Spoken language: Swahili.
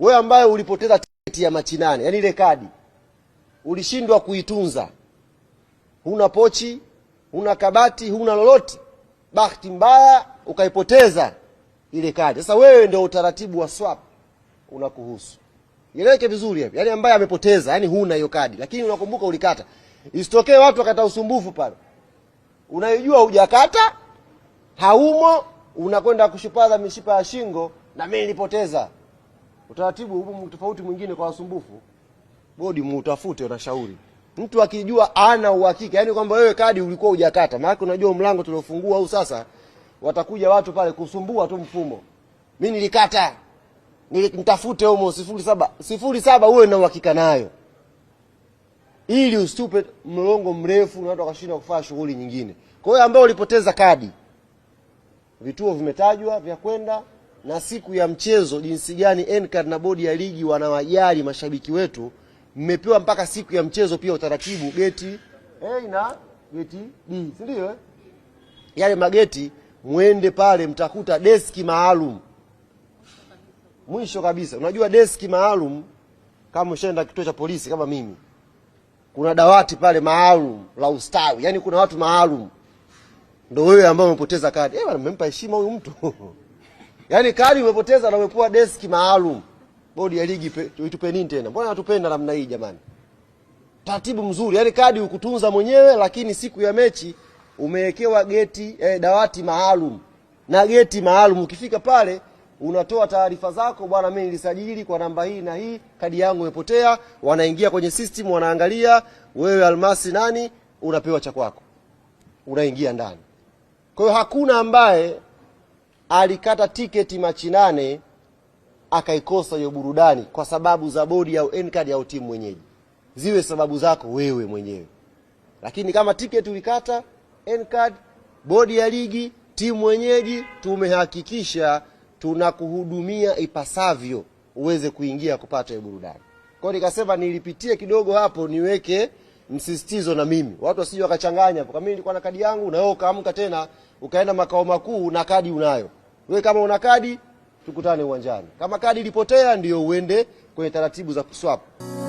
Wewe ambaye ulipoteza tiketi ya Machi nane, yani ile kadi ulishindwa kuitunza, huna pochi, huna kabati, huna lolote, bahati mbaya ukaipoteza ile kadi. Sasa wewe ndio utaratibu wa swap unakuhusu. Nieleweke vizuri hapo, yani ambaye amepoteza, yani huna hiyo kadi, lakini unakumbuka ulikata. Isitokee watu wakata usumbufu pale, unayojua hujakata, haumo, unakwenda kushupaza mishipa ya shingo, na mimi nilipoteza. Utaratibu huo tofauti mwingine kwa wasumbufu, bodi muutafute, unashauri mtu akijua ana uhakika, yani kwamba wewe kadi ulikuwa hujakata. Maana unajua mlango tuliofungua huu. sasa, watakuja watu pale kusumbua tu mfumo. Mimi nilikata, nitafute humo sifuri saba sifuri saba, uwe na uhakika nayo, ili usitupe mlongo mrefu na watu wakashindwa kufanya shughuli nyingine. Kwa hiyo ambao ulipoteza kadi, vituo vimetajwa vya kwenda na siku ya mchezo, jinsi gani Encar na bodi ya ligi wanawajali mashabiki wetu. Mmepewa mpaka siku ya mchezo pia utaratibu geti A na geti B, si ndio? Eh? Yale mageti mwende pale, mtakuta deski maalum mwisho kabisa. Unajua deski maalum, kama ushaenda kituo cha polisi kama mimi, kuna dawati pale maalum la ustawi, yaani kuna watu maalum, ndio wewe ambao umepoteza kadi. Eh, bwana, mmempa heshima huyu mtu Yaani kadi umepoteza na umekuwa deski maalum. Bodi ya ligi itupeni nini tena? Mbona hatupenda namna hii jamani? Taratibu mzuri. Yaani kadi ukutunza mwenyewe lakini siku ya mechi umewekewa geti eh, dawati maalum na geti maalum. Ukifika pale unatoa taarifa zako, bwana, mimi nilisajili kwa namba hii na hii, kadi yangu imepotea. Wanaingia kwenye system, wanaangalia wewe Almasi nani, unapewa cha kwako, unaingia ndani. Kwa hiyo hakuna ambaye alikata tiketi Machi nane akaikosa hiyo burudani kwa sababu za bodi au NCAD au timu mwenyeji, ziwe sababu zako wewe mwenyewe. Lakini kama tiketi ulikata NCAD, bodi ya ligi, timu mwenyeji, tumehakikisha tunakuhudumia ipasavyo uweze kuingia kupata hiyo burudani. Kwa hiyo nikasema nilipitie kidogo hapo niweke msisitizo na mimi watu wasije wakachanganya hapo. Kama mimi nilikuwa na kadi yangu na wewe ukaamka tena ukaenda makao makuu na kadi unayo. Wewe kama una kadi, tukutane uwanjani. Kama kadi ilipotea, ndio uende kwenye taratibu za kuswap.